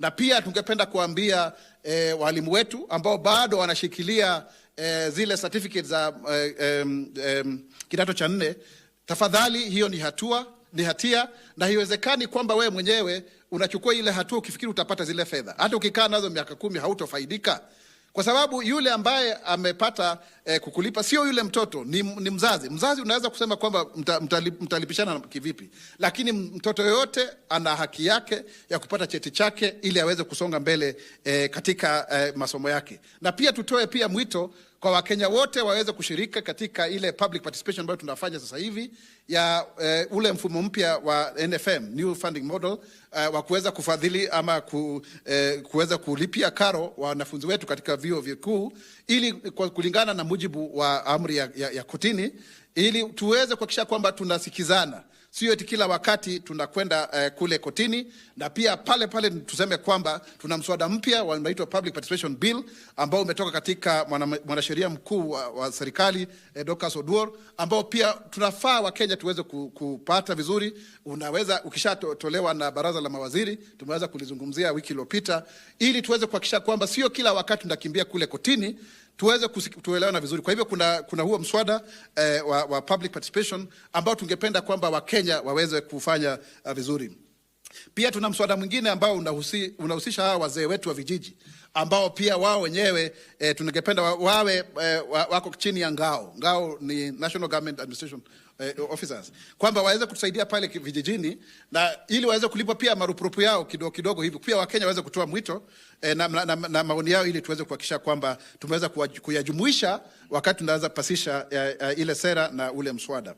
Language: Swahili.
na pia tungependa kuambia e, walimu wetu ambao bado wanashikilia e, zile certificate za e, e, kidato cha nne, tafadhali, hiyo ni hatua, ni hatia, na haiwezekani kwamba wewe mwenyewe unachukua ile hatua ukifikiri utapata zile fedha. Hata ukikaa nazo miaka kumi hautofaidika kwa sababu yule ambaye amepata eh, kukulipa sio yule mtoto, ni, ni mzazi. Mzazi unaweza kusema kwamba mta, mta mtalipishana kivipi, lakini mtoto yoyote ana haki yake ya kupata cheti chake ili aweze kusonga mbele eh, katika eh, masomo yake. Na pia tutoe pia mwito kwa Wakenya wote waweze kushirika katika ile public participation ambayo tunafanya sasa hivi ya uh, ule mfumo mpya wa NFM new funding model uh, wa kuweza kufadhili ama ku, uh, kuweza kulipia karo wanafunzi wetu katika vyuo vikuu ili kwa kulingana na mujibu wa amri ya, ya, ya kotini ili tuweze kuhakikisha kwamba tunasikizana Sio eti kila wakati tunakwenda eh, kule kotini, na pia pale pale tuseme kwamba tuna mswada mpya unaitwa Public Participation Bill ambao umetoka katika mwanasheria mkuu wa, wa serikali eh, Dorcas Oduor ambao pia tunafaa Wakenya tuweze kupata vizuri. Unaweza ukishatolewa na baraza la mawaziri, tumeweza kulizungumzia wiki iliyopita, ili tuweze kuhakikisha kwamba sio kila wakati tunakimbia kule kotini tuweze tuelewana vizuri. Kwa hivyo kuna, kuna huo mswada eh, wa, wa public participation ambao tungependa kwamba Wakenya waweze kufanya uh, vizuri. Pia tuna mswada mwingine ambao unahusi, unahusisha hawa wazee wetu wa vijiji ambao pia wao wenyewe e, tungependa wawe e, wako chini ya ngao. Ngao ni National Government Administration e, Officers, kwamba waweze kutusaidia pale vijijini na ili waweze kulipwa pia marupurupu yao kidogo kidogo hivi. Pia Wakenya waweze kutoa mwito e, na, na, na, na maoni yao ili tuweze kuhakikisha kwamba tumeweza kuyajumuisha wakati tunaanza pasisha e, e, ile sera na ule mswada.